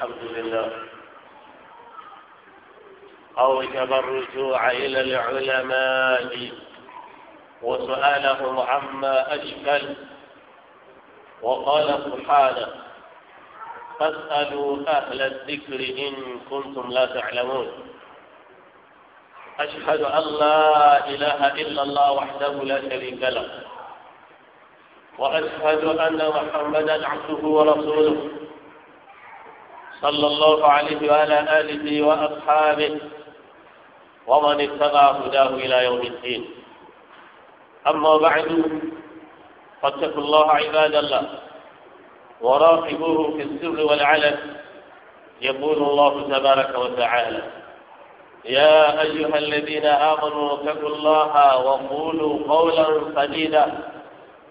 الحمد لله أوجب الرجوع إلى العلماء وسؤالهم عما أشكل وقال سبحانه فاسألوا أهل الذكر إن كنتم لا تعلمون أشهد أن لا إله إلا الله وحده لا شريك له وأشهد أن محمدا عبده ورسوله صلى الله عليه وعلى آله وأصحابه ومن اتبع هداه إلى يوم الدين أما بعد فاتقوا الله عباد الله وراقبوه في السر والعلن يقول الله تبارك وتعالى يا أيها الذين آمنوا اتقوا الله وقولوا قولا سديدا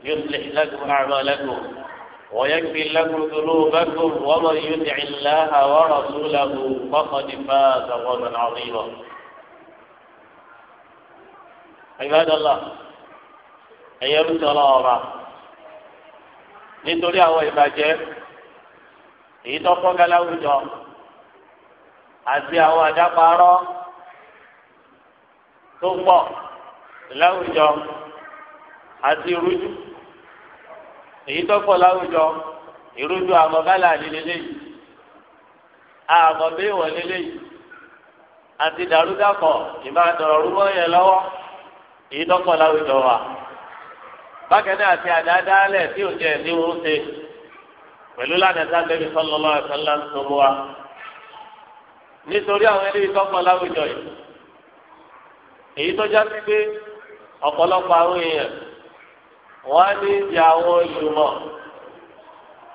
يصلح لكم أعمالكم ويكفر لكم ذنوبكم ومن يطع الله ورسوله فقد فاز فوزا عظيما عباد الله ẹyẹ ń sọ̀rọ̀ ọba nítorí àwọn ìbàjẹ́ èyí tó kọ́ galáwùjọ àti àwọn àdáparọ́ tó pọ̀ láwùjọ àti rújú èyí tó pọ̀ láwùjọ ìrújú àmọ̀bálà lélẹ́yìí àmọ̀béwọ̀ lélẹ́yìí àti dàrúdàpọ̀ ìbátan ọ̀rúmọ̀ yẹn lọ́wọ́ èyí tó pọ̀ láwùjọ wa bákẹ́ni àti àdáadáalẹ̀ tí ò jẹ́ ní wọ́n ṣe pẹ̀lú ládàtà bẹ́bí sọ́lọ́lọ́ ẹ̀sọ́lá ń sọ wa nítorí àwọn ẹlẹ́yìí tó pọ̀ láwùjọ yìí èyí tó já sí pé ọ̀pọ̀lọpọ̀ àwọn èèyàn wọ́n ní ti àwọn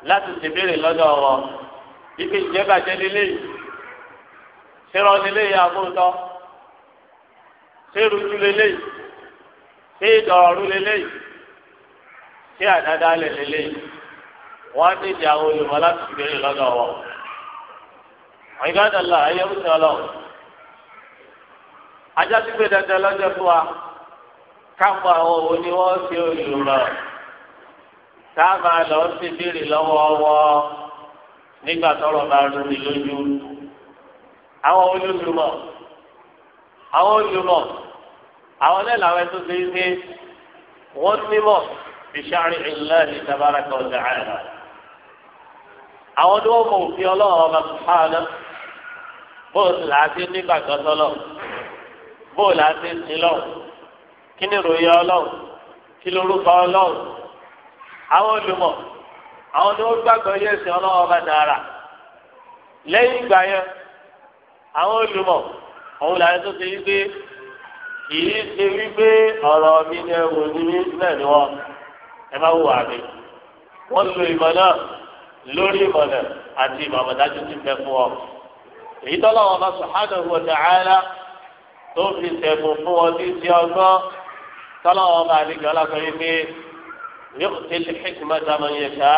láti ṣèbéèrè wọn ibi ìjẹ́bàjẹ́ nílé yìí nílé yìí àbótọ́ ṣẹ́rùjú ṣé ìdọ̀rọ̀rú lélẹ̀ ṣé àdádálẹ̀ lélẹ̀ yìí wọ́n ní ti àwọn láti wọn. ayé kápọ̀ àwọn òun ni wọ́n ṣe olùmọ̀ táàbà lọ sí bírì lọ́wọ́ọ́wọ́ nígbà tọ́rọ̀ bá rú mi lójú. àwọn olùmọ̀ àwọn olùmọ̀ àwọn náà làwọn ẹtọ́ ṣe é ṣe wọ́n nímọ̀ bìṣàrí ìlànà ìtàbára kan ọ̀dà àìrà. àwọn ni wọ́n mọ òfin ọlọ́run ọba sùpáàná bóòlù àti nígbà kan tọ́lọ̀ bóòlù àti sílọ̀ kí ni ìròyìn ọlọ́run kí lorúkọ ọlọ́run àwọn olùmọ̀ àwọn ni wọ́n gbàgbọ́ yé ẹ̀sìn ọlọ́run ọba dára lẹ́yìn ìgbà yẹn àwọn olùmọ̀ òun làwọn tó ti yí pé kìí ṣe wípé ọ̀rọ̀ mi ni ẹ̀wò ni mí náà ni wọ́n ẹ bá wù àmì wọ́n lo ìmọ̀ náà lórí ìmọ̀ náà àti ìmọ̀ àmọ̀dájú ti fẹ́ fún ọ. èyí tọ́lọ́ wọn bá subhanahu wa ta'ala tó fi sẹ̀kùn fún ọ ní ti ọgbọ́n tọ́lọ́wọ́ bá àdéjọ́ lásán yìí pé yóò ti lè hikima dama yẹn ṣá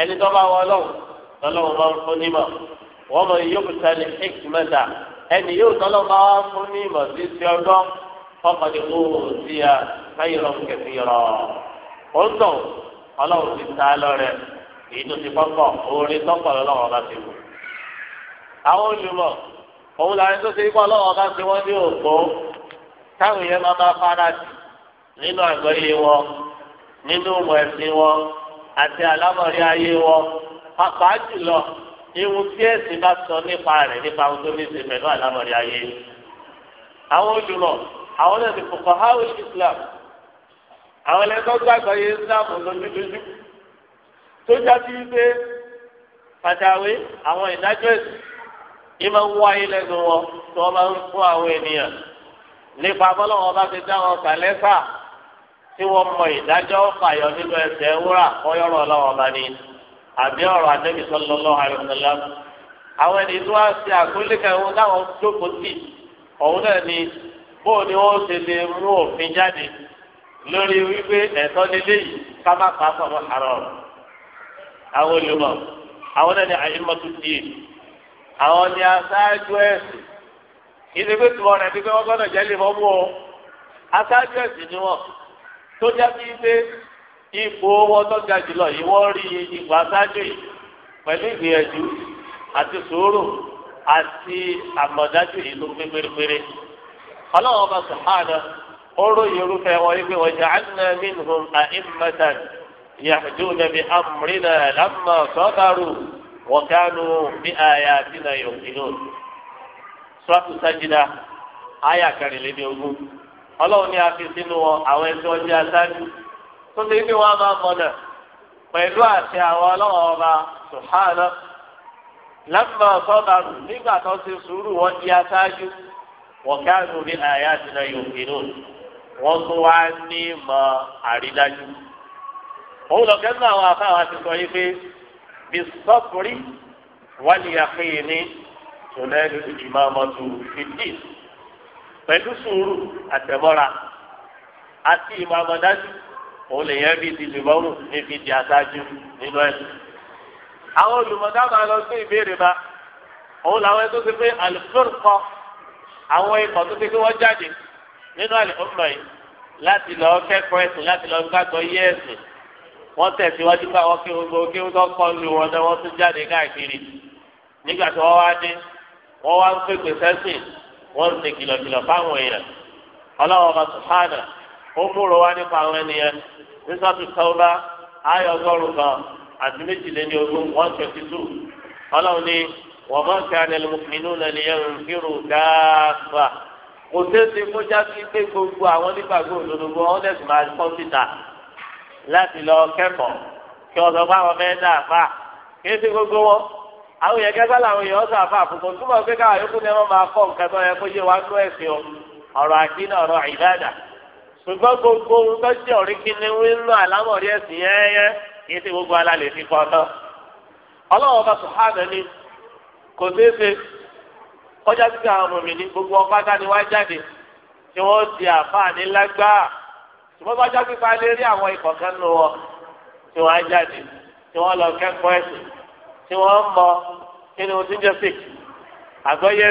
ẹni tó bá wọ lọ́wọ́ tọ́lọ́wọ́ bá ń fún nímọ̀ wọ́n mọ̀ yóò ti lè hikima dà ẹni yóò tọ́lọ́wọ́ bá wà fún nímọ̀ sí ti ọdọ́ fọkàn ní kó o sí ya káyọ̀rọ̀ kẹfì rọ̀ ó ń tọ̀ ọlọ́wọ́ ti ta lọ́rẹ̀ èyí tó ti kọ́kọ́ orin tọ́kọ̀ lọ́wọ́ bá ti wù. àwọn olùmọ̀ òun làwọn tó ti kọ́ lọ́wọ́ bá ti wọ́n ní nínú àgbáyé wọn nínú ìmọ̀ ẹ̀sìn wọn àti àlámọ̀rí ayé wọn pàápàá jùlọ ewu tí ẹ̀sìn bá sọ nípa rẹ̀ nípa ohun tó ní í ṣe pẹ̀lú àlámọ̀rí ayé. àwọn olùmọ̀ àwọn náà ti fòkàn háwé Islam àwọn ẹlẹ́gbẹ́ gbàgbọ́ yé Islam lójúlójú tó jáde wípé pàtàwé àwọn ìdájọ́ ẹ̀sìn ìmọ̀ ń wáyé lẹ́nu wọn tí wọ́n máa ń fún àwọn ènìyàn nípa bọ́lọ́wọ́n bá ti dá wọn kàlẹ́fà tí wọ́n mọ ìdájọ́ fàyọ nínú ẹsẹ̀ wúrà kọ́yọ́rọ̀ ọlọ́wọ́ bá ní àbí ọ̀rọ̀ àdébí sallallahu alaihi wasallam. àwọn ẹni tó wá sí àgbélẹ̀kẹ̀ wọn táwọn jókòó sí ọ̀hún náà ni bóò ni wọ́n ṣe lè mú òfin jáde lórí wípé ẹ̀tọ́ nílé yìí ká pa sọ̀rọ̀ àrọ̀ àwọn olùmọ̀ àwọn náà ni àyèmọ́tò díè àwọn ni aṣáájú ẹ̀sìn ìdígbé tó jáde pé ipò owó tó ga jùlọ yìí wọ́n rí ipò aṣáájú yìí pẹ̀lú ìgbìyànjú àti sùúrù àti àmọ̀dájú yìí ló pé pérépéré. ọlọ́run ọba sùhánà ó ròyìn irúfẹ́ wọn wípé wọ́n jẹ́ ànàmínhùn àìmọ́tàn yàtúndà bí amúrínà lámà sọ́kàrù wọ̀kánù bí àyà àtinà yòókì náà. sọ́tù sájídà áyà kẹrìnlélógún ọlọ́run ni a fi sínú wọn àwọn ẹni tí wọ́n jẹ́ aṣáájú tó ti ní wọn máa mọ̀nà pẹ̀lú àṣẹ àwọn ọlọ́run ọba sùhánà lámà sọ́bàrù nígbà tó ti sùúrù wọn di aṣáájú wọ́n káàdùn ní àyà àtìlẹ́ yòókè náà wọ́n tún wá ní mọ àrídájú. òun lọ́kẹ́ nínú àwọn afáwọn ti sọ yìí pé bí sọ́kùnrin wálé àfihàn ní tòlẹ́ẹ̀lì ìmọ̀ ọmọ tó pẹ̀lú sùúrù àtẹ̀mọ́ra àti ìmọ̀ àmọ̀dájú òun lè yẹn bí ti lùmọ́rù níbi ti àṣáájú nínú ẹ̀. àwọn olùmọ̀dá máa lọ sí ìbéèrè ma òun làwọn ẹni tó ti pé àlùfóòrù kọ àwọn ikọ̀ tó ti pé wọ́n jáde nínú àlùfóòrù yìí láti lọ kẹ́kọ̀ọ́ ẹ̀sìn láti lọ gbàgbọ́ yé ẹ̀sìn wọ́n tẹ̀síwájú bá wọn kí gbogbo kí wọ́n kọ́ lu wọn náà wọ́n tún jáde káàkiri nígbà tí wọ́n wá dé wọ́n wá ń pèpè sẹ́sìn wọ́n ń ṣe kìlọ̀kìlọ̀ fáwọn èèyàn ọlọ́wọ́ bá sùpáàdà ó múrò wá nípa àwọn ènìyàn nísọ́tù tọ́ba ayọ̀ ọgọ́rùn kan àti méjìléní ogún one twenty two ọlọ́run ní wọ́n mọ̀ kí anẹlẹ́mọ̀kìnínú lẹ́nu yẹn ń kírù dáàbà kò tẹ́sí kó jásí pé gbogbo àwọn nígbàgbọ́ òdodo wọn dẹ̀ máa kọ́ síta láti lọ kẹ́kọ̀ọ́ kí ọ̀sán bá wọn fẹ́ kí é àwọn yẹn kẹfẹ làwọn èèyàn sọ àfa àfùkù túbọ̀ pé káwọn yòókù ni wọ́n máa kọ́ nǹkan tó yẹ kó yé wa tó ẹ̀sìn o ọ̀rọ̀ àkínní ọ̀rọ̀ ìdáàdà ṣùgbọ́n gbogbo ohun tó jẹ́ ọ̀rí kíni ń àlámọ̀rí ẹ̀sìn yẹn yẹn kì í fi kọ́ ọlọ́wọ́ bá kò gbogbo ni wá tí wọ́n ṣùgbọ́n tí wọ́n ń mọ kí ni o ti ń jẹ́ fik àgọ́yẹ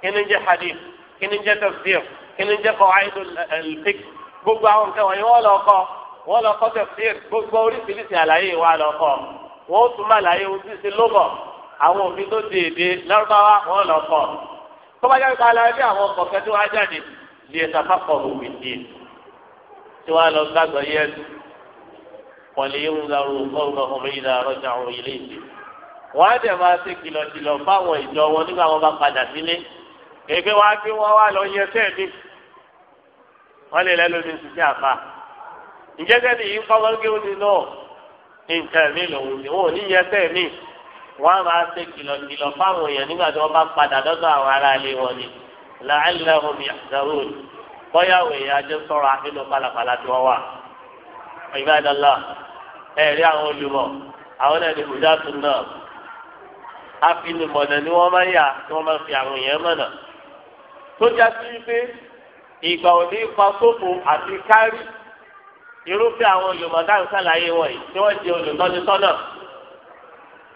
kí ni ń jẹ́ hadith kí ni ń jẹ́ tafsir kí ni ń jẹ́ kọ́ àìdù fik gbogbo àwọn nǹkan wọ̀nyí wọ́n lọ kọ́ wọ́n lọ kọ́ tafsir gbogbo oríṣiríṣi àlàyé wa lọ kọ́ wọ́n ó tún má àlàyé ojú sí lóbọ̀ àwọn òfin tó di èdè lárúbáwá wọ́n lọ kọ́ tó bá jáde àwọn ọkọ̀ kẹ́ tó wá jáde lè ṣàfàkọ̀ òwì dì tí wọ́n lọ gbàgbọ́ yẹn wọ́n lè yẹ wọ́n á dẹ̀ máa ṣe kìlọ̀kìlọ̀ fáwọn ìjọ wọn nígbà wọn bá padà sílé èké wá kí wọ́n wá lọ yẹ sẹ́ẹ̀dì wọ́n lè lẹ́nu ní sísí àfa ìjẹ́sẹ́ ni yìí kọ́mọ́ gé ó ní náà nǹkan mi lòun ni wọn ò ní yẹ sẹ́ẹ̀mì wọ́n á máa ṣe kìlọ̀kìlọ̀ fáwọn èèyàn nígbà tí wọ́n bá padà dọ́dọ̀ àwọn ará ilé wọn ni làálàhùn yàtọ̀rọ̀n bọ́yàwó èèyàn ajé sọ̀rọ̀ afinimọ̀nà ni wọ́n máa yà tí wọ́n máa fi àwọn èèyàn mọ̀nà. tó já sí wípé ìgbà òní ipa sófo àti kárí irúfẹ́ àwọn olùmọ̀dá ń sàlàyé wọ̀nyí tí wọ́n di olùtọ́ni sọ́nà.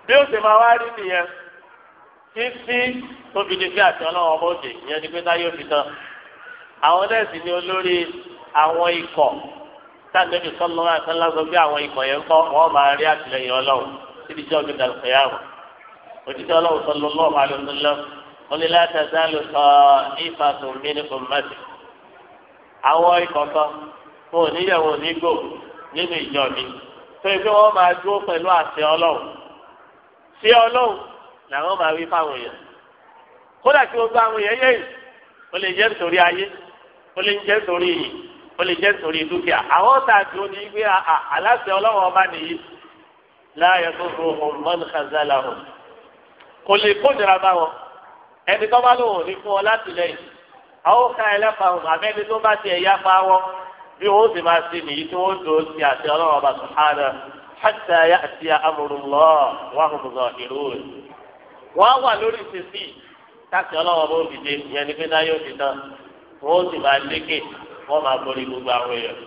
bí ó sì máa wá rí nìyẹn títí tóbi ní bí àti ọlọ́wọ́ bóde ìyẹn ni pé táyé òfin tán. àwọn nẹ́ẹ̀sì ni olórí àwọn ikọ̀ sáàdébì sọ́lọ́wọ́ àti sọ́lá sọ pé àwọn ikọ̀ yẹn ń kọ́ wọ́n máa rí àtìlẹ́yìn ọlọ́run síbi jọ́ọ̀gbẹ̀dàlùkẹ́yàwó òtítọ́ ọlọ́run sọ lọ́wọ́ àlùmọ́lọ́ wọ́n lá tazalu ta'ifatun min ummati. àwọn ìkọ̀kọ̀ wọn ò níyàwó onígbò nínú ìjọ mi tó ìgbé wọn máa dúró pẹ̀lú àṣẹ ọlọ́run sí ọlọ́run làwọn máa wí fáwọn èèyàn kódà kí gbogbo àwọn èèyàn yẹ̀yìn ó lè jẹ́ nítorí ayé ó lè jẹ́ nítorí iyì ó lè jẹ́ nítorí dúkìá àwọn tààtì ó gbé aláṣẹ ọlọ́run ọba nìyí láàyè tó fún ọmọ nǹkan zálà kò lè kó nira bá wọn ẹni tó bá lóun ò ní fún ọ láti lẹ́yìn àwọn ká ẹlẹ́fàá wọn àbẹ́ ẹni tó bá tiẹ̀ yá pa wọn bí wọn sì máa ṣe nìyí tí wọn dò ó sí àti ọlọ́run ọba sùhánà hàtà yá àti amúrúlọ́ wọn kò gbọdọ̀ ìlú rẹ̀ wọn wà lórí ìṣesí táàkì ọlọ́run ọba òdìdé ìyẹn ní pété ayé òdìdá wọn ó sì máa lékè wọn máa borí gbogbo àwọn èèyàn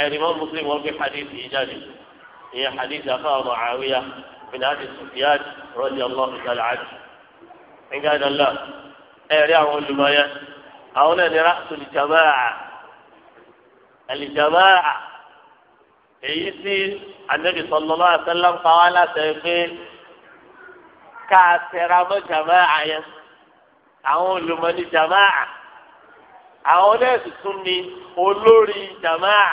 ẹni wọn mú wọn gbé hadith yìí jáde ìyẹn hadith bin abi sufiyan radiyallahu ta'ala anhu nígbàdàn lọ ẹ̀rí àwọn olùmọ̀yẹ àwọn náà ní ráṣù lìjàmáà àlìjàmáà èyí tí anabi sallallahu alaihi wasallam ń pa wá láti pé ká a tẹra mọ́ jàmáà yẹn àwọn olùmọ̀ ní jàmáà àwọn náà sì tún ní olórí jàmáà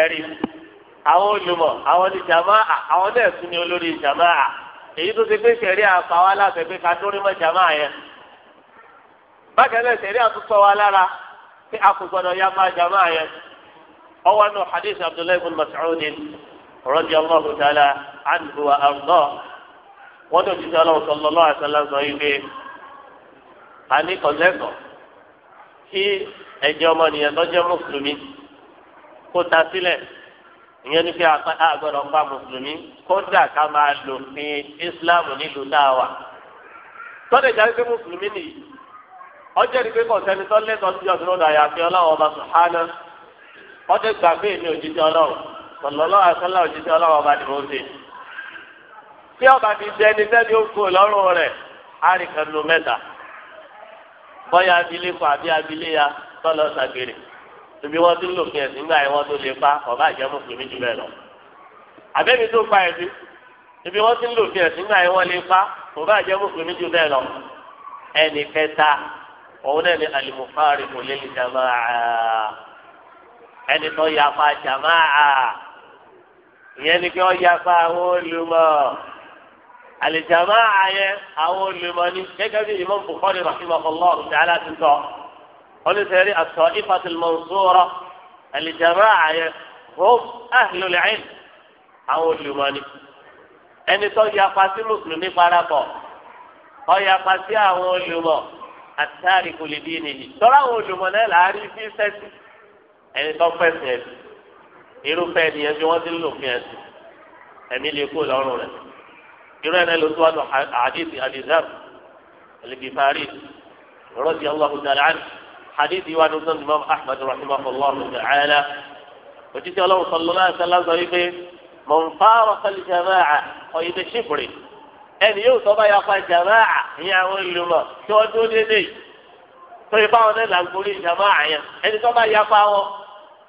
ẹ̀rí àwọn olùmọ̀ àwọn ní jàmáà àwọn náà tún ní olórí jàmáà èyí tó ti pé sẹ̀rí àpáwá láti pé ká tó rí mọ́ jàmáà yẹn bákan sẹ̀rí àtúntò wa lára pé a kò gbọdọ̀ ya máa jàmáà yẹn ọwọ́ nù hadith abdullahi bin mas'ud radiyallahu ta'ala anhu wa arda wọn tó ti sọ ọlọ́run sallallahu alaihi wasallam sọ yìí pé a ní kọ̀lẹ́kọ̀ kí ẹ̀jẹ̀ ọmọnìyàn tó mùsùlùmí kó ta sílẹ̀ ìyẹn ní pé a gbọ́dọ̀ pa mùsùlùmí kódà ká máa lò fi islam nílùú náà wà. tọ́lẹ̀ jáde pé mùsùlùmí nìyí ọjọ́ ní pé kọ̀sẹ́ni tọ́lẹ̀ tó ti ọdún lọ́dọ̀ àyàfi ọlọ́wọ́ ọba sùhánà ọdẹ gbà pé èmi òjijì ọlọ́wọ́ sọlọ́lọ́ àṣọlá òjijì ọlọ́wọ́ ọba ni mo ṣe. bí ọba ti jẹ ẹni sẹ́ni ó kú lọ́rùn rẹ̀ á lu mẹ́ta bọ́yá abilékọ àbí abiléya tọ́lọ́ sàgbèrè ibi wọn ti ń lò fún ẹ̀sìn nígbà yẹn wọn tó lè pa ọba àjẹ mùsùlùmí jù bẹ́ẹ̀ lọ àbẹ́mi tó pa ẹ̀sìn ibi wọn ti ń lò fún ẹ̀sìn nígbà yẹn wọn lè pa ọba àjẹ mùsùlùmí jù bẹ́ẹ̀ lọ ẹnì kẹta òun náà ni alimufari kò lè jamaa ẹnì tó yapa jamaa ìyẹn ni kí wọn yapa àwọn olùmọ alijamaa yẹn àwọn olùmọ ni gẹ́gẹ́ bí imam bukhari rahimahullah ta'ala ti sọ olùsẹ̀rí àtọ̀ ìfàtìmọ̀nsóra àlìjàmá àyẹ hom ahlùlẹ́yìn àwọn olùmọ̀ni ẹni tó yapa sí mùsùlùmí parapọ̀ ó yapa sí àwọn olùmọ̀ àtàrí kò lè bí nìyí tọ́lá àwọn olùmọ̀ náà láàárín sí sẹ́sì ẹni tó fẹ́ sìn ẹ̀sìn irúfẹ́ ènìyàn bí wọ́n ti ń lò fún ẹ̀sìn ẹ̀mí lè kó lọ́rùn rẹ̀ irú ẹ̀ náà ló tún wà lọ àdìsí àdìsá àlìkìfàárì rọ́ọ̀sì ọlọ́run dàlẹ́ àdìsí. حديث يوان بن الإمام أحمد رحمه الله تعالى وجيت الله صلى الله عليه وسلم ضريبه من فارق الجماعة قيد شبر أن يوصل يقى جماعة يعمل لما شو دوني tó ipa wọn náà là ń gorí ìjàmá àyàn ẹni tó bá yapa wọn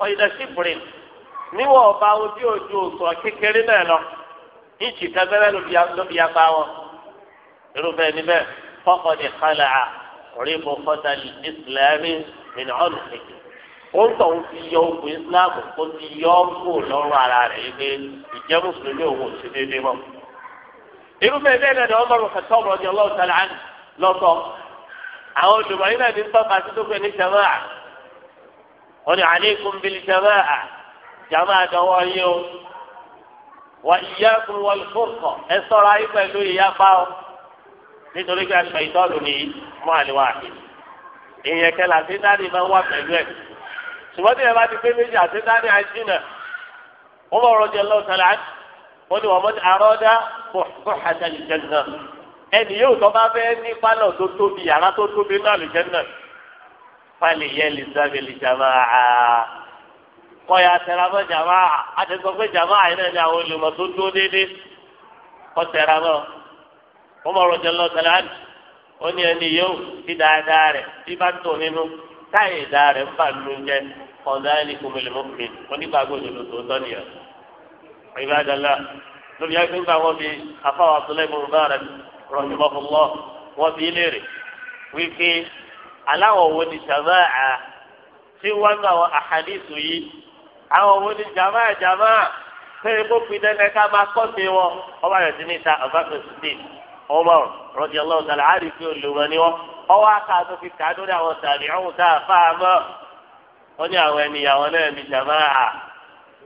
ọ̀yìnà síbìrì níwọ̀n ọba ojú ojú òsùn kékeré náà lọ ìjì kẹfẹ́rẹ́ ló fi yapa wọn irúfẹ́ níbẹ̀ fọkàn ní kálá rí mo fọ́tà ìsìlámì nínú ọ̀nà kékeré ó ń tọ̀ ń fi yọ ogun islam kó ti yọ ọ́ kó lọ́rùn ara rẹ̀ yìí pé ìjẹ́ mùsùlùmí òun ò sí déédéé mọ́. irúfẹ́ bẹ́ẹ̀ náà ni wọ́n mọ̀rọ̀ kẹtọ́ ọ̀rọ̀ ni ọlọ́run tẹ̀lé àná lọ́tọ̀ àwọn olùmọ̀ náà ní tọ́ka sí ní jamaa wọ́n ní aleikum bil jamaa jamaa dọ̀wọ́ yìí o wà iyyakum wal furqa nítorí pé aṣọ ìtọ́lù ni mọ́ àlè wà ní. ìyẹn kẹlẹ àṣetáni máa ń wà pẹ̀lú ẹ̀. ṣùgbọ́n tí ẹ bá ti pé méjì àṣetáni àjìnà wọ́n bọ̀ rọ́jò lọ́sọ̀lá wọ́n ní wọ́n mọ́ àrọ́dá kò hàjà ìjẹ̀nà. ẹnì yóò tọ́ bá fẹ́ ní pálọ̀ tó tóbi yàrá tó tóbi náà lè jẹ́nà. fàlẹ̀ yẹ lè sábẹ̀ lè jàmá a. kọ́ya tẹ̀ra mọ́ jàmá a. a ti sọ pé jàmá Umar radiyallahu ta'ala anhu ó ní ẹni yóò ti dáadáa rẹ̀ tí bá tó nínú táyì dáa rẹ̀ ń bà ló jẹ ọ̀dáàlì kòmìlìmọ́ mi onígbàgbọ́ òdodo tó tọ́ nìyẹn. Ibadallah lóbi yàgbé ńgbà wọn fi afáwọn Abdullahi Mubarak rahimahullah wọn fi léèrè wípé aláwọ̀ wo ni sàmáà tí wọ́n gbà wọn àhàdìsù yìí àwọn wo ni jàmáà jàmáà pé kó fi dẹ́nẹ́ ká máa kọ́ sí wọn ọba عمر رضي الله تعالى عنه في اللوماني هو أخذ في التعدد وسامعه تفهم ونيا يا أولا يا جماعة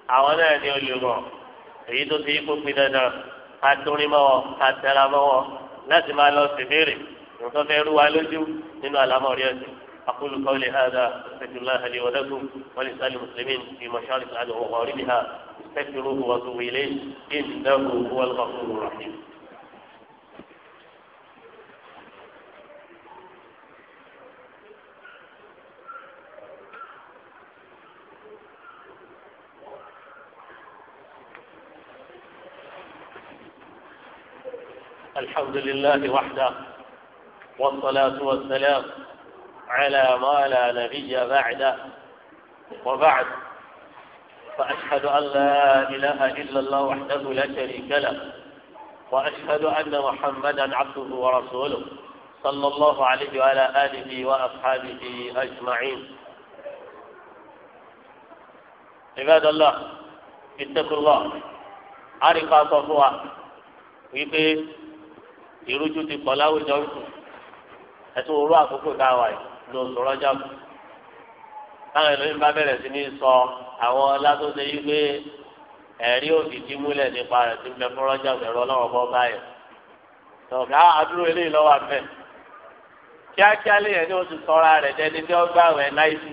أولا يا اللوماني عيد فيكم في دنا أتوني ما هو أتلا ما هو لازم على السفير يتفير والجو من ألام أريد أقول قولي هذا أستغفر الله لي ولكم ولسأل المسلمين في مشارق العدو ومغاربها استغفروه واتوب إليه إنه هو الغفور الرحيم الحمد لله وحده والصلاة والسلام على ما لا نبي بعده وبعد فأشهد أن لا إله إلا الله وحده لا شريك له وأشهد أن محمدا عبده ورسوله صلى الله عليه وعلى آله وأصحابه أجمعين عباد الله اتقوا الله عرق صفوة ويقول ìrújú ti pọ̀ láwùjọ ńkù ẹtù òru àkókò tá a wà yìí ló ń sọ̀rọ̀ jà kù táwọn ẹlòmíín bá bẹ̀rẹ̀ sí ní sọ àwọn ọlá tó ṣe yí pé ẹ̀rí òbí ti múlẹ̀ nípa rẹ̀ ti mẹ fọ́rọ́ jà ẹ̀rọ ọlọ́wọ́ bọ́ báyìí tọ̀gá ah, àdúró eléyìí lọ́wọ́ àbẹ̀ kíákíá léyìn ní oṣù sọ́ra rẹ̀ dẹni tí ọgbà rẹ̀ láìsí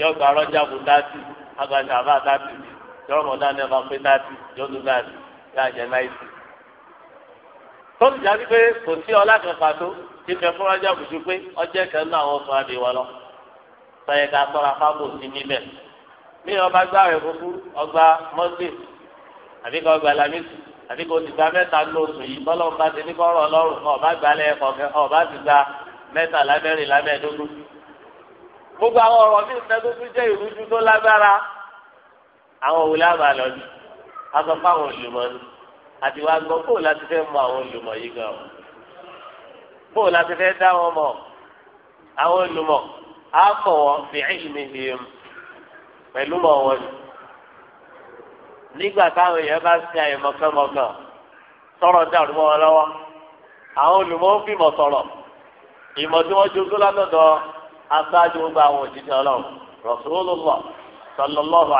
yọgbà rọ́jà bù dátì agbàjà bá dátì yọmọdá nẹfà pé dátì yọdún tó ti jáde pé kò sí ọlá kan pàtó tí fẹ́ fún ọjà bùjú pé ọjẹ́ kan náà wọ́n fún adé wa lọ. sọyẹ ká tọ́ra fábò sí níbẹ̀. bí ọba gbá rẹ̀ kúkú ọgbà mọ́sẹ̀ àbí kọ́ ọgbà lamẹ́sì àbí kò ti gba mẹ́ta ní oṣù yìí bọ́lọ́ bá ti ní kọ́rọ̀ ọlọ́run ọba gbalẹ̀ kọ̀ọ̀kẹ́ ọba ti gba mẹ́ta lábẹ́rin lábẹ́ẹ̀dógún. gbogbo àwọn ọ̀rọ̀ mi ìfẹ́dógún jẹ́ ìrújú tó lágbára àwọn òwúlẹ̀ àbàlọ́ ni a sọ fáwọn olùmọ̀ ni àti wàá gbọ́ bóò láti fẹ́ mọ àwọn olùmọ̀ yìí gan o bóò láti fẹ́ dá wọn mọ̀ àwọn olùmọ̀ á mọ̀ wọn fi ẹ̀yìnmi hìm pẹ̀lú mọ̀ wọn nígbà táwọn èèyàn bá sin àyèmọ̀kànmọ̀kàn tọrọ dàrú mọ́ wọn lọ́wọ́ àwọn olùmọ̀ ó fìmọ̀ sọ̀rọ̀ ìmọ̀ tí wọ́n jogún látọ̀dọ̀ aṣáájú gbogbo àwọn òṣìṣẹ́ ọlọ́run Rasulullah sallallahu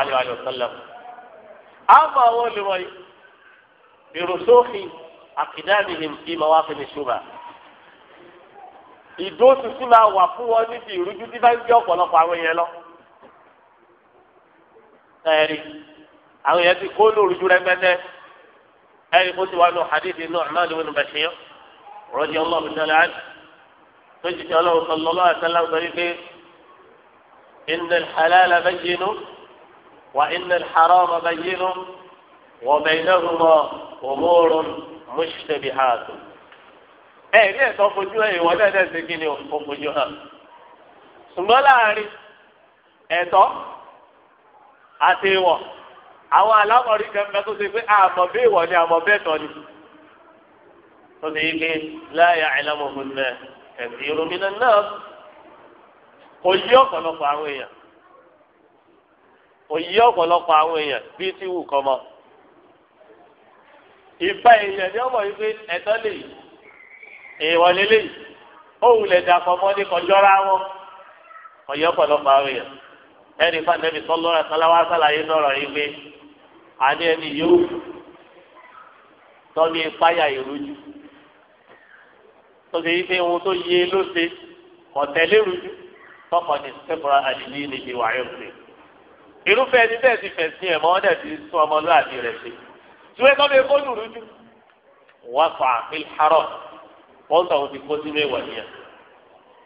ìrùsófì àkìdáàdìhìm kí máa wá fẹ́mi ṣùgbọ́n ìdó tutù máa wà fún wọn níbi ìrújú tí bá ń gbé ọ̀pọ̀lọpọ̀ àwọn èèyàn lọ. ẹ̀rí àwọn èèyàn ti kó lórujú rẹpẹtẹ ẹ̀rí kó ti wà ní hadith Nu'man ibn Bashir radiyallahu ta'ala anhu tó ti sọ lọ́wọ́ sallallahu alaihi wasallam sọ wípé innal halala bayyinun wa innal harama bayyinun. وبينهما أمور مشتبهات ẹ ní ẹ̀tọ́ fojú ẹ̀ ìwọ náà dẹ̀ ṣe kí ni o fojú hàn ṣùgbọ́n láàrin ẹ̀tọ́ àti ìwọ̀ àwọn alámọ̀rí kẹfẹ́ tó ṣe pé àmọ̀ bí ìwọ̀ ni àmọ̀ bẹ́ẹ̀ tọ́ ni tó ṣe ike láyà ìlàmọ̀hún náà ẹ̀sìn ìròmìnà náà kò yí ọ̀pọ̀lọpọ̀ àwọn èèyàn kò yí ọ̀pọ̀lọpọ̀ àwọn èèyàn bíi ti wù kọ́ mọ́ ìfà èèyàn ni ọmọ yìí pé ẹ̀tọ́ lè èèwọ̀ lélẹ̀ òun lè dàpọ̀ mọ́ ní kọjọ́ra wọn ọ̀yẹ́ ọ̀pọ̀lọpọ̀ àwọn èèyàn ẹnì fún àtẹ́bí sọ́lọ́ ẹ̀sánláwá sàlàyé lọ́rọ̀ yìí pé àní ẹni yóò tọ́ni ìpáyà ìrújú tó ṣe yí pé ohun tó yé ló ṣe ọ̀tẹ̀lé rújú tọkàn ní sẹ́kùrọ̀ àdìlí ní ìwà ẹ̀ pé irúfẹ́ ẹni bẹ́ẹ̀ ti fẹ̀sìn ẹ̀ mọ́ ọ́n dẹ̀ ti sún ọmọlúwàbí rẹ̀ ṣe tiwé tó lè kó lùrù jù wọ́n sọ àfin harọ wọ́n sọ òun ti kó sínú ìwà nìyẹn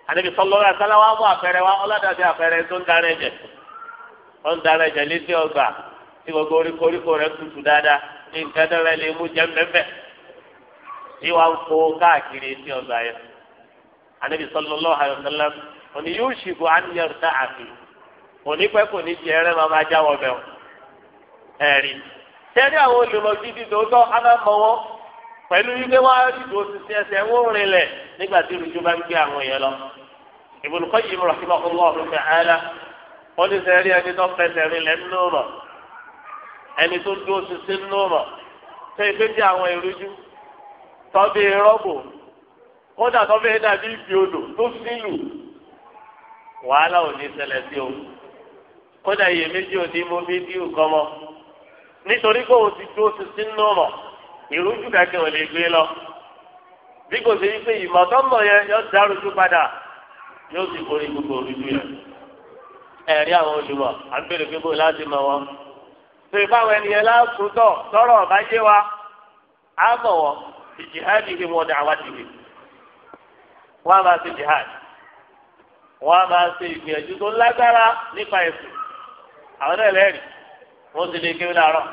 àdébí sọlọ rẹ sọlá wa mú àpẹẹrẹ wa ọlọ́dàbí àpẹẹrẹ tó ń darẹ jẹ ó ń darẹ jẹ létí ọgbà tí gbogbo oríkoríko rẹ tutù dáadáa ní nǹkan tó rẹ lè mú jẹ mẹ́fẹ́ tí wàá ń kó káàkiri létí ọgbà yẹn àdébí sọlọ lọ àyọ̀sọlá òní yóò ṣìkò àníyàn tá àfi òní pẹ́ kò ní jẹ́ ẹrẹ́ máa máa jáwọ́ bẹ́ẹ̀ ẹ̀rí. sẹ́ni àwọn olùmọ̀ gidi tòótọ́ osisi pẹ̀lú wípé wọ́n á rí ẹsẹ̀ wọ́n rinlẹ̀ nígbà tí ìrújú bá ń gbé àwọn èèyàn lọ. Ibn wọ́n ní ẹni tó fẹsẹ̀ rinlẹ̀ nínú rọ̀ ẹni tó dúró tó tí àwọn ìrújú tọ́bí rọ́bù kódà tọ́bí dàbí ìfi odò tó sílù wàhálà ò nítorí pé o ti dúró títí nínú ọmọ ìrújú kẹkẹ ò lè gbé lọ bí kò sí pé ìmọ̀tọ́mọ̀ yẹn yóò dárújú padà yóò sì borí gbogbo òrùjú yẹn ẹ̀rí àwọn olùmọ̀ àgbèrè pé láti mọ̀ wọn. tó ìbáwọn ènìyàn lásùtọ̀ tọrọ ọ̀bá yé wa á mọ̀ wọn ti jihadi fi wọn ní àwa ti fi wọn a máa ṣe jihadi wọn a máa ṣe ìgbìyànjú tó lágbára nípa ẹ̀sìn àwọn náà lẹ́rìí wọ́n ti lè kéwé làárọ̀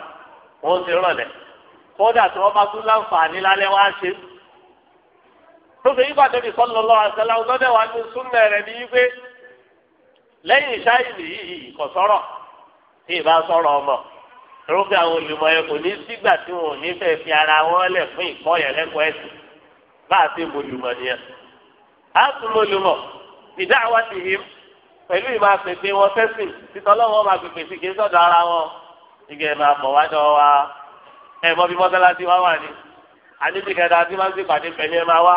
wọ́n ti rọ̀lẹ́ kódà tí wọ́n bá tún láǹfààní lálẹ́ wá ṣe. tóbi yìí pàtó ti sọ́nù lọ́wọ́ àṣẹlá ọlọ́dẹ wa ní súnmọ́ rẹ̀ ní wípé lẹ́yìn ìṣáyìn yìí kò sọ̀rọ̀ tí ì bá sọ̀rọ̀ ọmọ irúfẹ́ àwọn olùmọ̀ yẹn kò ní sígbà tí wọn ò ní fẹ́ fi ara wọn lẹ̀ fún ìkọ́ yẹn lẹ́kọ̀ọ́ ẹ̀sìn bá a ti mọ olùmọ̀ nìyẹn. a tún mọ olùmọ̀ ìdá ti hìm pẹ̀lú ìmọ̀ àpèpè wọn fẹ́sìn títọ́ lọ́wọ́ máa pèpè sí kí n sọ̀dọ̀ ara wọn nígbà máa bọ̀ wájọ wa ẹ mọ bí mọ́sálásí wa wà ní àdébí kẹta tí wọ́n ti pàdé pẹ̀lú ẹ máa wá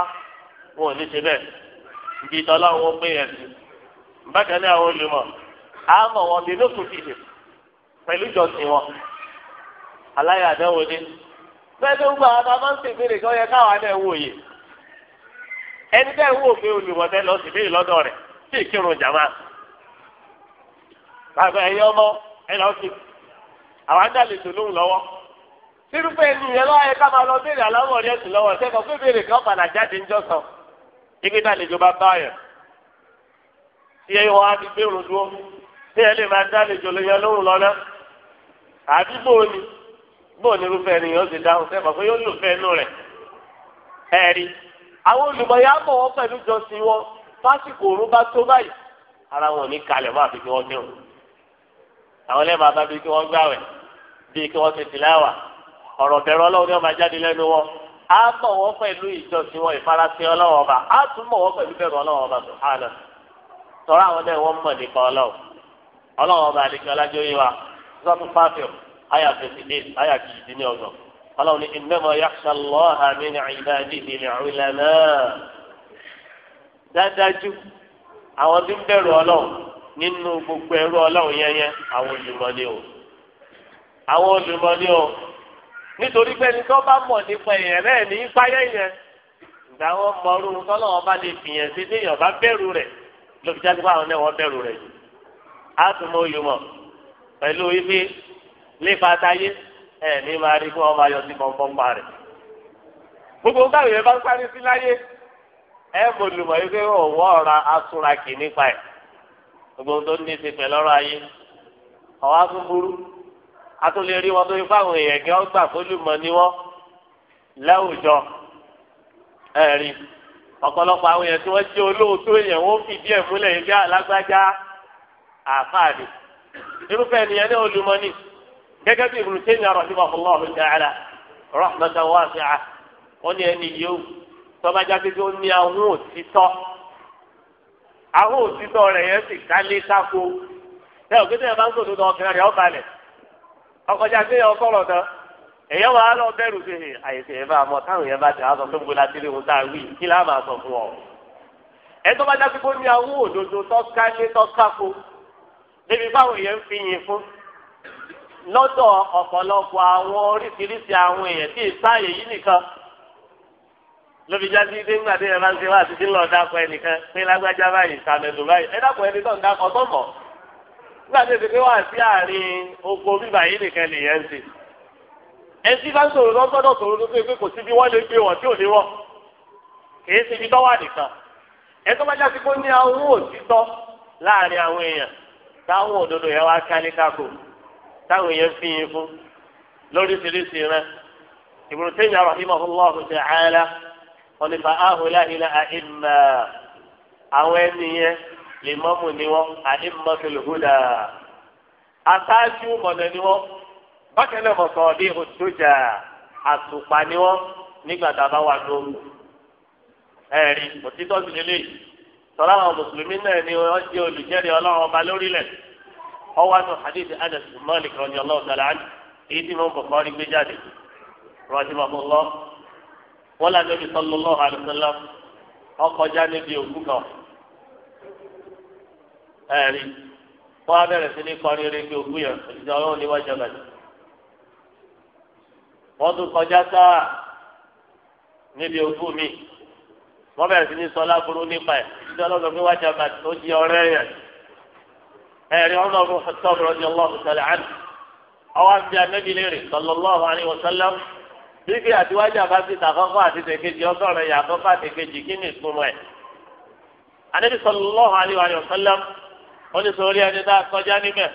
wọn ò ní ṣe bẹ́ẹ̀ ibi ìtọ́lọ́run ó pé yẹn sí bákan náà àwọn olùmọ̀ á mọ̀ wọn bí lókùn ti pẹ̀lú ìjọsìn wọn aláya àdánwò ni bẹ́ẹ̀ tó ń gbà wọn máa ń ṣe ìbéèrè kí yẹ káwọn náà wò yè ẹni bẹ́ẹ̀ wò pé olùmọ̀ lọ sí ìbéèrè lọ́dọ̀ rẹ̀ tí ì àwọn adálejò lóhùn lọ́wọ́ sírúfẹ́ ẹni yẹn lọ́wọ́ yẹ ká lọ béèrè aláwọ̀ rẹ̀ sùn lọ́wọ́ ṣẹ́kọ̀ọ́ pé béèrè kan padà jáde ń jọ́sọ̀ ibi dálejò bá bá yẹn tí ẹ wọ́n á ti gbé òrùn dúró tí ẹ lè máa lóhùn lọ́nà àbí irúfẹ́ ẹni yẹn ó ti dáhùn sẹ́kọ̀ọ́ yóò lò fẹ́ inú rẹ̀ ẹ̀rí àwọn bọ̀ wọ́n pẹ̀lú wọn fásitì òru bá tó báyìí ara wọn ò ní kalẹ̀ máa fi àwọn ẹlẹ́mọ̀ abá bíi kí wọ́n gbàwẹ̀ bíi kí wọ́n ti tìláwà ọ̀rọ̀ bẹ̀rẹ̀ ọlọ́run ni wọ́n máa jáde lẹ́nu wọn á mọ̀ wọ́n pẹ̀lú ìjọsìn wọn ìfarasí ọlọ́run ọba á tún mọ̀ wọ́n pẹ̀lú bẹ̀rù ọlọ́run ọba tọ́ra àwọn mọ̀ nípa ọlọ́run ọlọ́run ọba àdìgbẹ́ ọlájọ́ yìí wa fáfíọ̀ nínú gbogbo ẹrú ọlọ́run yẹnyẹn àwọn olùmọ̀lẹ́ o àwọn olùmọ̀lẹ́ o nítorí pé ẹni tó bá mọ̀ nípa èèyàn náà ní ipáyé yẹn ìgbà wọn mọrú tọ́lọ́wọ́n bá lè fìyàn sí téèyàn bá bẹ̀rù rẹ̀ ló fi jáde náà wọ́n rẹ̀ á tún mọ pẹ̀lú ẹ̀ ní máa rí sí rẹ̀ gbogbo sí láyé ẹ̀ mọ̀ yìí pé òun ọ̀ra asúra kì nípa ẹ̀ gbogbo tó ní ti pẹ̀lú ọ̀rọ̀ ayé ọ̀wá fún burú atúlẹ̀ rí wọn tó fi fáwọn èèyàn kí wọ́n gbà fólùmọ̀ ní wọ́n láwùjọ ẹ̀rí ọ̀pọ̀lọpọ̀ àwọn èèyàn tí wọ́n jẹ́ olóòótọ́ èèyàn wọ́n fìdí ẹ̀ múlẹ̀ yìí bí alágbájá àfáàdì irúfẹ́ ènìyàn ní olùmọ̀ni gẹ́gẹ́ bí Ibn Taymiyyah rahimahullahu ta'ala wọ́n ní àwọn òtítọ́ rẹ̀ yẹn sì kálé káko ẹ ò kéde ẹ̀fà ń ọkara tó ọkùnrin rẹ̀ ọ̀balẹ̀ ọkọjà sí ẹ̀yọ kọ̀rọ̀ tán ẹ̀yẹ wà lọ bẹ̀rù sí àyèsè ẹ̀fà àmọ́ táwọn yẹn bá tẹ̀ á sọ pé wí kí láà máa sọ fún ọ. ẹ tó bá dá ní àwọn òdodo tó kálé tó káko báwọn yẹn ń fi yin fún lọ́dọ̀ ọ̀pọ̀lọpọ̀ àwọn oríṣiríṣi àwọn èèyàn tí ì lóbi jáde dé ńgbà tí ẹ bá ń ṣe wá àti sílọ dákọ ẹnìkan pé lágbájá báyìí sàmẹdùn báyìí ẹ dákọ ẹni tó ń dákọ tó mọ nígbà tí ẹ ti wá sí àárín oko yìí nìkan nìyẹn ń ẹ bá ń lọ pé kò síbi lè gbé tí ò ní kì í síbi nìkan ẹ tó bá ní àwọn òtítọ́ láàrin àwọn èèyàn táwọn òdodo wọn ni fa ahùlá ilà àìmà àwọn ẹni yẹn lè mọ́mù ni wọ́n àìmọ́ tó lè húdà aṣáájú mọ̀nà ni wọ́n bákan náà mọ̀kàn ọ̀dí òṣòjà àtùpà ni wọ́n nígbà tá a bá wà lóru ẹ̀rí òtítọ́ sí lélẹ́yìí tọ́lá àwọn mùsùlùmí náà ni wọ́n jẹ́ olùjẹ́rìí ọlọ́run ọba lórílẹ̀ ọwọ́ àti hadith anas malik rọ̀jọ̀lọ́ ọ̀dàlá èyí tí mo bọ̀ kọ́ rí gbé jáde rọ̀jọ̀lọ́ wọ́n là níbi sallallahu alaihi wasallam ọkọjá níbi òkú kan ẹ̀rí wọ́n á bẹ̀rẹ̀ sí ní kọrin eré òkú yẹn òṣìṣẹ́ ọlọ́run ní wọ́n jẹun ẹ̀jẹ̀ wọ́n tún kọjá sáà níbi òkú mi wọ́n bẹ̀rẹ̀ sí ní sọlá burú nípa ẹ̀ òṣìṣẹ́ ọlọ́run ní wọ́n jẹun tó di ọ̀rẹ́ yẹn ẹ̀rí ọlọ́run ọ̀tọ́ ni ọlọ́run sọlẹ̀ àná ọwọ́ àti fífi àtiwájú àbáṣetà àkọ́kọ́ àti tẹ̀kejì ọgọ́rùn-ún ẹ̀yà àkọ́kọ́ àti tẹ̀kejì kí ni ìtumọ̀ ẹ̀. Ànábì sallallahu alaihi wa sallam wọ́n ti sọ̀rọ̀ ẹni tá a kọjá níbẹ̀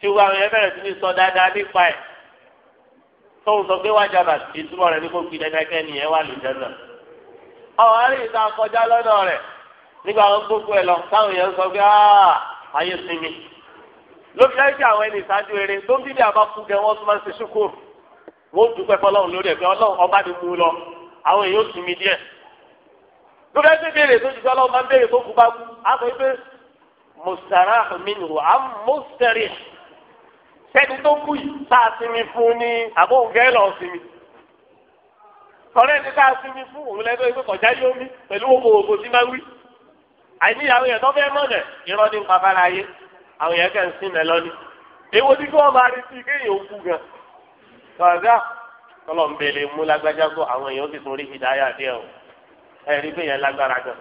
tí wọ́n àwọn ẹ̀yẹ́ bẹ̀rẹ̀ sí ní sọ dáadáa nípa ẹ̀ tóun sọ pé wájà bàtì ìtumọ̀ rẹ̀ ní kò fi dẹ́dẹ́kẹ́ nìyẹn wà lùjẹ́ náà. ọ̀ àárín kọjá lọ́dọ̀ rẹ̀ wọ́n dúpẹ́ fọlọ́run lórí ẹ̀fẹ́ ọlọ́run ọba ti mú lọ àwọn èèyàn sì mí díẹ̀. lórí ẹgbẹ́ béèrè tó ti sọ́lọ́ máa ń béèrè tó kú bá kú á sọ pé mùsàrà minhu am mùsàrì sẹ́ni tó kú yìí tá a sinmi fún ní àbọ̀ òǹgẹ́ lọ sinmi. sọ̀rọ̀ ẹni tá a sinmi fún òun lẹ́nu ẹgbẹ́ kọjá yóò mí pẹ̀lú owó òògùn tí máa wí. àìníyàwó yẹn tó fẹ́ mọ̀nà irọ́ ní pàbára ayé àwọn yẹn kẹ́ ń sin mẹ́lọ́ni. èwo ni kí wọ́n máa retí kéèyàn ó kú gan-an kọjá tọlọ ń bèèrè mú lágbájá kó àwọn èèyàn ti tún rí ìdáyà díẹ̀ o ẹ̀rí bẹyẹ lágbára gan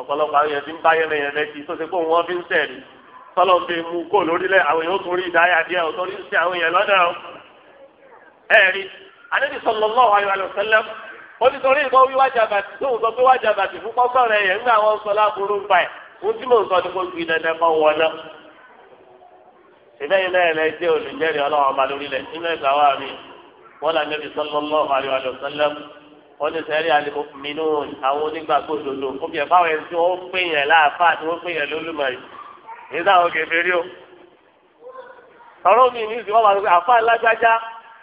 ọ̀pọ̀lọpọ̀ àwọn èèyàn ti ń bá yẹn lẹ́yìn lẹkì tó ṣe kó wọn fi ń sẹrí tọlọ ń bèèrè mú kó lórílẹ̀ àwọn èèyàn tún rí ìdáyà díẹ̀ o torí ń sẹ àwọn èèyàn lọ́dọ̀ o ẹ̀rí Ànábì sallallahu alaihi wa sallam ó ti torí ìkọ́ wíwájà bàtì tó ń sọ pé wájà bàtì fún kọ́kọ́ síbẹ̀ yìí náà lẹ́yìn tí olùjẹ́rìí ọlọ́wọ́ ọba lórílẹ̀ nínú ìgbà wa mi wọ́n là níbi sallallahu alaihi wa sallam wọ́n ní sẹ́rí àlùkò mìínú àwọn onígbàgbọ́ òdodo ó fi ẹ̀fọ́ àwọn ẹni tí wọ́n pè yẹn láàfáà tí wọ́n pè yẹn lólùmọ̀ yìí ní sáwọn kẹfẹ́ rí o. ọ̀rọ̀ mi ní ìsìn wọ́n wà lóko àfáà lágbájá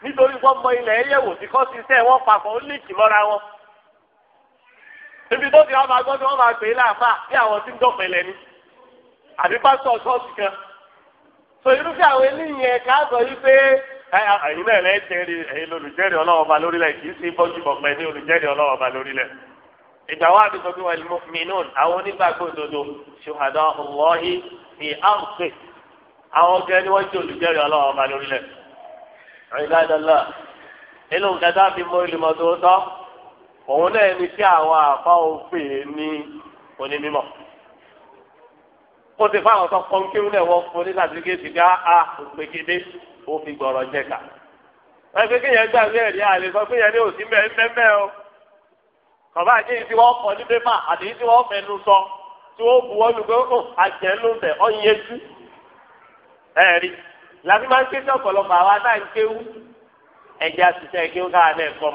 nítorí wọ́n mọ ilẹ̀ ẹ̀yẹ̀wò àbí pásítọ̀ ṣọ́ọ̀ṣì kan so irúfẹ́ àwọn eléyìí ẹ̀ káàbọ̀ yìí pé ẹ̀yin náà lẹ́yìn tẹ́rì ẹ̀yin lolùjẹ́rì ọlọ́wọ́ ba lórílẹ̀ kì í sí bọ́jú bọ̀pẹ́ ní olùjẹ́rì ọlọ́wọ́ ba lórílẹ̀. ìgbà wa bí sọ́kí wal mu'minun àwọn onígbàgbọ́ òdodo ṣùhàdà ọlọ́hì ní àǹfẹ̀ àwọn ọgẹ́ ni wọ́n ti olùjẹ́rì ọlọ́wọ́ lórílẹ̀. ìgbàdàlá inú ó ti fáwọn tó kọ́ kí wọ́n fún ní sàtífíkẹ́tì bí a òpèkédé ó fi gbọ̀rọ̀ jẹ wọ́n fi kéèyàn gbà bí ẹ̀rí àlè sọ pé yẹn ní òsín bẹ́ẹ̀ bẹ́ẹ̀ o. bàbá àti èyí tí kọ ní pépà àti èyí tí fẹnu sọ tí wọ́n bu wọ́n pé ó oh, àjẹ́ ló ń bẹ̀ ọ́ yẹ tú. ẹ̀rí làbí máa ń ké sí ọ̀pọ̀lọpọ̀ àwa náà ń kéwú ẹ̀jẹ̀ àtúnṣe kéwú káà náà ń kọ́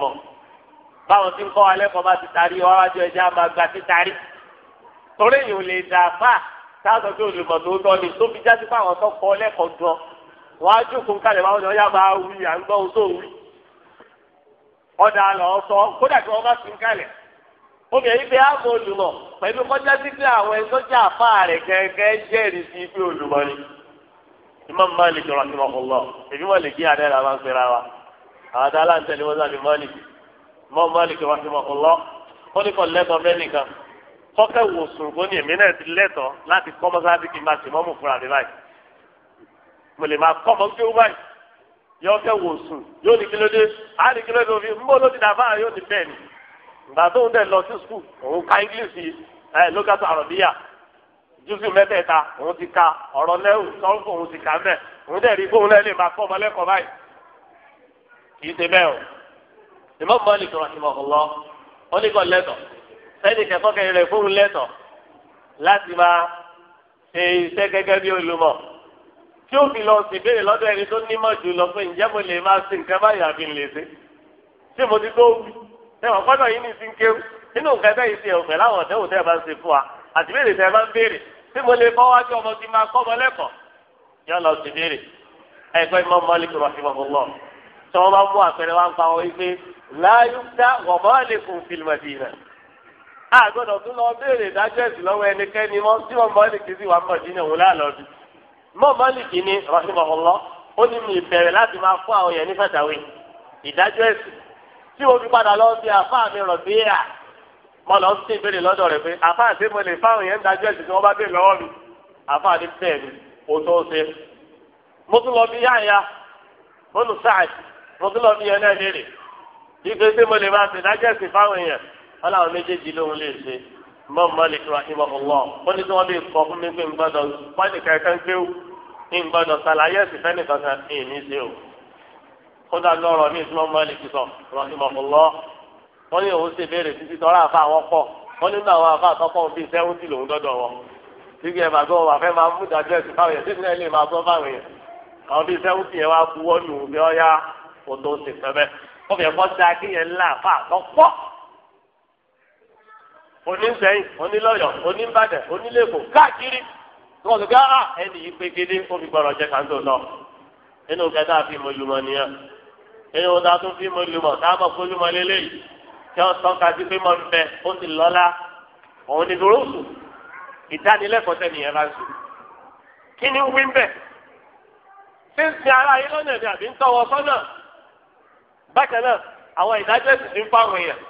káàtó tó olùkọ́ tó tọ́ ni tó fi jásí fáwọn tó kọ́ lẹ́kọ̀ọ́ gan wọ́n á jókòó kalẹ̀ báwọn ọ̀yá máa wí à ń gbọ́ ohun tó wí. ọ̀dà sọ kódà kí wọ́n bá fi kalẹ̀ obìnrin bẹ àmọ́ olùmọ̀ pẹ̀lú kọjá sí pé àwọn àfa rẹ̀ gẹ́gẹ́ jẹ́rìí sí ni. sí wọn lọ èmi wọn lè kí àwọn kọ́kẹ́ wò ni èmi náà ti lẹ́tọ̀ọ́ láti kọ́ mọ́sáàdì kí n máa ṣe mọ́mú fúnra mi báyìí mo lè máa kọ́ mọ́ kí ó báyìí yọ kẹ́ wò sùn yóò ní kílódé á ní kílódé òfin ni ìgbà tó ń dẹ̀ lọ sí skul òun ka ingilisi ẹ lókàtà àròbíyà júùsù mẹ́tẹ̀ẹ̀ta òun ti ka ọ̀rọ̀ lẹ́wù sọ́ọ̀fù òun ti kà mẹ́ òun dẹ̀ rí bóun máa kọ́ ọmọlẹ́kọ̀ọ́ báyìí kì í ṣe bẹ́ẹ̀ o ìmọ̀ mọ́lì sẹ́ni kẹ́kọ̀ọ́ kẹ́rin rẹ̀ fóun lẹ́tọ̀ láti máa ṣe iṣẹ́ gẹ́gẹ́ bí olùmọ̀ tí ó fi lọ sí ìbéèrè lọ́dọ̀ ẹni tó nímọ̀ jù lọ pé ǹjẹ́ mo lè máa ṣe nǹkan báyìí àbí lè ṣe ṣé mo ti tó wí ẹ̀wọ̀n gbọ́dọ̀ yìí ní sínkérú nínú nǹkan bẹ́ẹ̀ yìí ṣe ọ̀fẹ́ láwọn ọ̀tẹ́wò tẹ́ ẹ bá ń ṣe fún wa àti béèrè tẹ́ ẹ bá ń béèrè ṣé mo lè bọ́ wájú ọmọ tí máa kọ́ ọmọ lẹ́kọ̀ọ́ yọ lọ sí béèrè ẹ̀kọ́ ìmọ̀ mọ́lìkì rahimahullah tí wọ́n bá a gbọ́dọ̀ tún lọ béèrè ìdájọ́ ẹ̀sìn lọ́wọ́ ẹnikẹ́ni mọ́ tí wọ́n mọ́lìkì sí wàá mọ̀jì ní òun láàlọ́dún mọ́ mọ́lìkì ni rahimahullah ó ní mi bẹ̀rẹ̀ láti máa fún àwọn yẹn ní fàtàwé ìdájọ́ ẹ̀sìn tí o fi padà lọ bí àfáà mi rọ̀ bí à mọ́ lọ sí ìbéèrè lọ́dọ̀ rẹ̀ pé àfáà tí mo lè fáwọn yẹn dájọ́ ẹ̀sìn tí wọ́n bá béèrè lọ́wọ́ mi àfáà ní bẹ́ẹ̀ ni o tó ṣe mo tún lọ bí yáya bọ́lù sáà mo tún lọ bí yẹn náà wọn làwọn méjèèjì lóhun lè ṣe mọ́mọ́ malik rahim ọ̀wọ́ ó ní tí wọ́n lè kọ́ fún mi pé ń gbọ́dọ̀ pálí kankan gbé o ní ń gbọ́dọ̀ ṣàlàyé ẹ̀sìn fẹ́ni kankan ní ìní ṣe o kódà lọ́rọ̀ ní ìtumọ̀ malik sọ rahim ọ̀wọ́ wọ́n ní òun ṣe béèrè títí tọ́lá àfa àwọn pọ̀ wọ́n nínú àwọn àfa àtọ́kọ́ bíi sẹ́wọ́ntì lòún dọ́dọ̀ wọn síbi ẹ̀ màgbọ́ wà fẹ́ máa mú dàdírẹ́sì fáwọn èèyàn náà lè máa gbọ́ fáwọn èèyàn àwọn bíi sẹ́wọ́ntì yẹn wá buwọ́ nù bí ọ́ yá kó tó ṣe fẹ́ bẹ́ẹ̀ wọ́n fi ẹ̀kọ́ da kí àfa àtọ́kọ́ onísẹ́yìn onílọ́yọ̀ oníbàdàn onílẹ̀kọ̀ káàkiri tí wọ́n sọ pé ah, ah ẹni yìí pégede ó fi gbọ́dọ̀ jẹ kàńtó lọ inú kẹta fi mọ̀lùmọ̀ nìyẹn inú wọn tún fi mọ̀lùmọ̀ táwọn mọ̀ fọlùmọ̀ lélẹ́yìí tí wọ́n sọ ká sí pé mọ̀ nbẹ ó ti lọ́lá òun ni dúró sùn ìdánilẹ́kọ̀ọ́ tẹ̀nìyẹn bá sùn kí ni wí ń bẹ̀ ṣé ń sin ara yín lọ́nà ìdí àbí ń tọ́wọ́ sọ́nà bákan náà àwọn ìdájọ́ ìsìn fáwọn èèyàn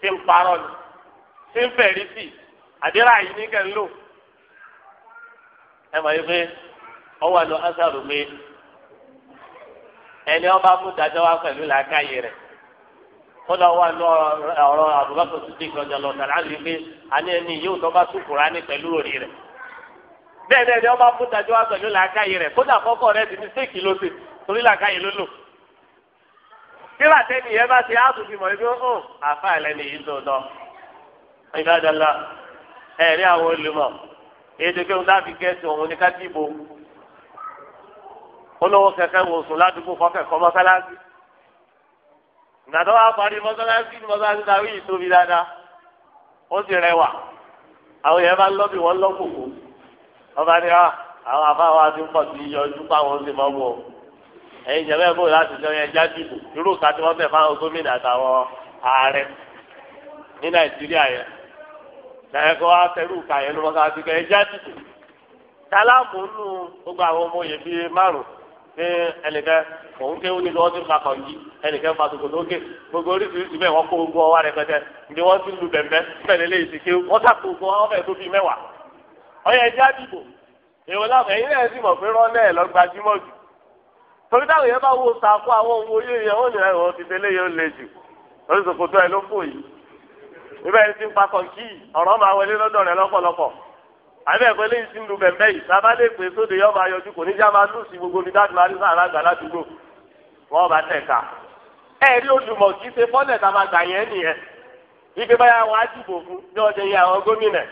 ti ń parọ́ ni. tí ń fẹ̀rí sí àdéhà yìí ní kẹ́ ń lò ẹ mọ̀ pé ọwọ́ àlọ́ ásàrò mi ẹni ọba mú dájọ́ wá pẹ̀lú làákàyè rẹ̀ kódà wà lọ ọ̀rọ̀ Abubakar lọ tàlá pé àní ẹni tó bá tún pẹ̀lú òrì rẹ̀ bẹ́ẹ̀ ọba mú dájọ́ wá pẹ̀lú làákàyè rẹ̀ rẹ̀ ti ní séèkì ló ṣe torí làákàyè ló lò yẹn bá áàtù fi mọ̀ àfa yìí tó ìbádàlá ẹ̀rí àwọn olùmọ̀ èdè pé ńlá fi gẹ̀ẹ́sì òun ní kátìbò olówó kẹ̀kẹ́ wò sùn ládùúgbò kọ́kẹ́kọ́ mọ́sálásí ìgbàdàn wa parí mọ́sálásí ní mọ́sálásí náà wíyì tóbi dáadáa ó sì rẹwà àwọn yẹn bá ń lọ́bì wọ́n lọ́kùnkùn ọba ní ah, wa àwọn afáwa ti ń pọ̀ sí yọjú páwọn ó sì mọ́ bọ̀ ẹ̀yin jẹ́ bẹ́ẹ̀ bò láti jọ yẹn jáde ìbò irú ìka tí wọ́n tẹ̀ fáwọn gómìnà àtàwọn ààrẹ ní Nàìjíríà yẹn. na wá sẹ́rù ká yẹn ló mọ́ká sí kẹ́ já títì nù gbogbo àwọn ọmọ yẹn bíi márùn ní ẹnìkan òun kéwù nínú wọn ti fa kàn yí ẹnìkan fa tòkò gbogbo oríṣiríṣi bẹ́ẹ̀ wọ́n kó gbogbo ọwọ́ rẹ pẹ́tẹ́ ní wọ́n ti lu bẹ̀m̀bẹ́ bẹ́ẹ̀ lélẹ́yìí ti wọ́n sàkó gbogbo ọwọ́ tó fi mẹ́wàá ọyẹ dìbò láwọn ẹ̀yin náà sì mọ̀ pé jù torí táwọn yẹn bá wo sàkó àwọn ohun yẹn ó ibẹ̀ ń sin pakọ̀ kí ọ̀rọ̀ máa wọlé lọ́dọ̀ rẹ lọ́pọ̀lọpọ̀ àbẹ̀ pé lẹ́yìn tí ń lu bẹ̀m̀bẹ̀ yìí sábà lè pè sóde yọ máa yọjú kò ní já máa lù sí gbogbo mi dáàbò máa rí sáà lágbà ládùúgbò wọn bá tẹ̀ ká ẹ rí olùmọ̀ kí ṣe fọ́lẹ̀ tá a máa gbà yẹn nìyẹn ibi báyà wọn á dìbò fún bí wọn ṣe yẹ àwọn gómìnà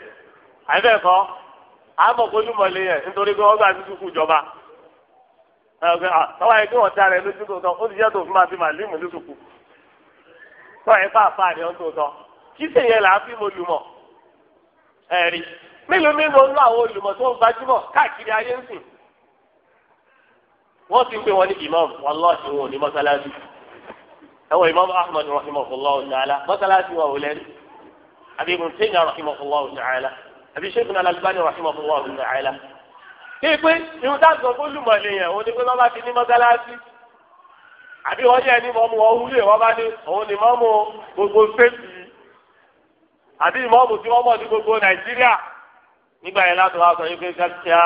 àbẹ̀ kọ́ àmọ̀ olùmọ̀ lè yẹn nítorí pé wọ́n gbà sí sùkú ìjọba tọ́wọ́ yẹn kí wọ́n ti ara ẹ lójú tó tọ́ ó ti yẹ́ tó fún ma fi màlúù mú lóṣùkú tọ́wọ́ yẹn fà fà ní ọ́n tó tọ́ kíṣe yẹn là á fi mo lùmọ̀ ẹ̀rí mélòó mélòó lọ àwọn olùmọ̀ tó ń gbajúmọ̀ káàkiri ayé ń sìn wọ́n ti ń pè wọ́n ní imam wàláhì wọn ò ní mọ́sálásí ẹ̀wọ̀n imam ahmed rahimahullah ta'ala mọ́sálásí wọn ò lẹ́nu àbí ibùn tẹ́yìn rahimahullah ta'ala àbí sẹ́kùn alágbáni rahimahullah ta'ala kí pé irun tá a sọ fún olùmọ̀ lèèyàn òun ni pé bàbá ti ní mọ́sálásí àbí wọ́n yẹ ẹni mọ́mú wọn wúlò wọ́n bá ní òun ni mọ́mú gbogbo fẹ́ẹ̀sì àti ìmọ̀ọ́mù tí wọ́n mọ̀ ní gbogbo nàìjíríà nígbà yẹn láti wá sọ yìí pé gáàkíá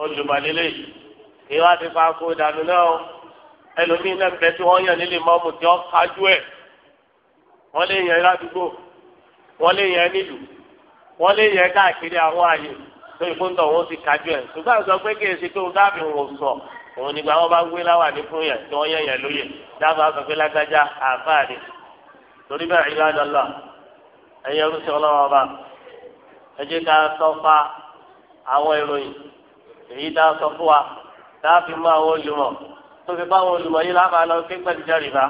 olùmọ̀lélẹ̀ yìí wá ti fa kó dànù náà ẹlòmíì náà bẹ tí wọ́n yàn nílé ìmọ̀ọ́mù tí wọ́n kájú ẹ̀ wọ́n lè yàn ládùúgbò wọ́n lè yàn nílùú wọ́n lè yàn káàkiri àwọn àyè tó ìfúntọ̀ wọn ti kájú ẹ̀ ṣùgbọ́n àgbà pé kì í ṣe pé òun dáàbì wọn sọ òun nígbà wọn bá gbé láwà ní fún yẹn tí wọ́n yàn yàn lóye dáàbà sọ pé lágbájá àfáà ni torí bẹ́ẹ̀ ìlànà náà ẹ̀yẹ olùsọ ọlọ́wọ́ ọba ẹ jẹ́ ká sọ́fà àwọn ìròyìn èyí dá sọ fún wa láàfi mú àwọn olùmọ̀ tó fi bá àwọn olùmọ̀ yìí láàbà lọ sí pẹ̀lújọ́ rìbá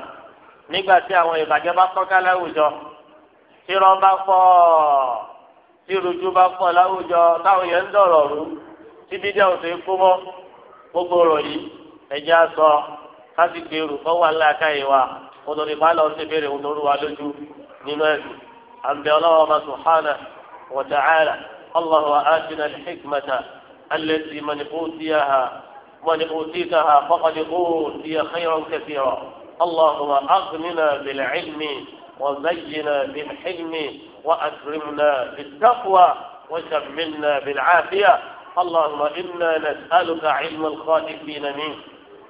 nígbà tí àwọn ìbàjẹ́ bá tọ́ka láwùjọ tí irọ́ bá pọ̀ tí ìrújú bá pọ̀ láwùjọ táwọn èèyàn ń dọ̀rọ̀ rú tí bídẹ́ òsè kú mọ́ gbogbo rọ̀ yìí ẹ̀jẹ̀ á sọ ká sì gbèrú kọ́ wà ńlá káyé wa òdòdó ìbálò ọ̀sẹ̀ bẹ̀rẹ̀ òdòdó lójú nínú ẹ̀sìn. عن بلاغة سبحانه وتعالى الله آتنا الحكمة التي من أوتيها من أوتيتها فقد أوتي خيرا كثيرا اللهم أغننا بالعلم وزينا بالحلم وأكرمنا بالتقوى وشملنا بالعافية اللهم إنا نسألك علم الخائفين منك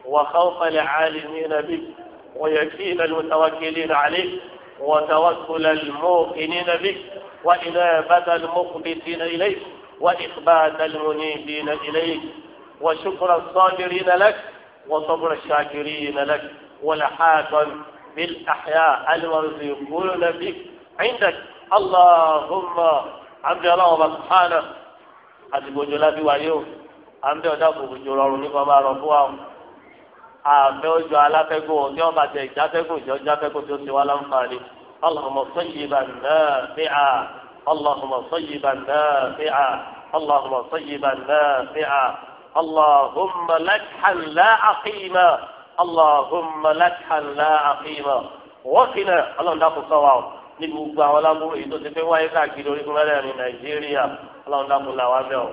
وخوف العالمين بك ويكفينا المتوكلين عليك وتوكل الموقنين بك وإنابة المخبتين إليك وإخبات المنيبين إليك وشكر الصابرين لك وصبر الشاكرين لك والحاكم بالأحياء المرزقون بك عندك اللهم عبد الله سبحانه àti gbòjò lábí wáyé o à ń bẹ ọjà kò àfẹ́ ojú aláfẹ́gùn òní ọba tẹ ìjáfẹ́gùn ìjọ jáfẹ́gùn tó ti wá láǹfààní ọlọ́mọ sọ́yìnbà náà bí a ọlọ́mọ sọ́yìnbà náà bí a ọlọ́mọ sọ́yìnbà náà bí a ọlọ́mọ lẹ́kàn láàkìmọ̀ ọlọ́mọ lẹ́kàn láàkìmọ̀ wọ́kìnà ọlọ́run dákun ní gbogbo àwọn aláburú èyí tó ti fẹ́ wáyé káàkiri orí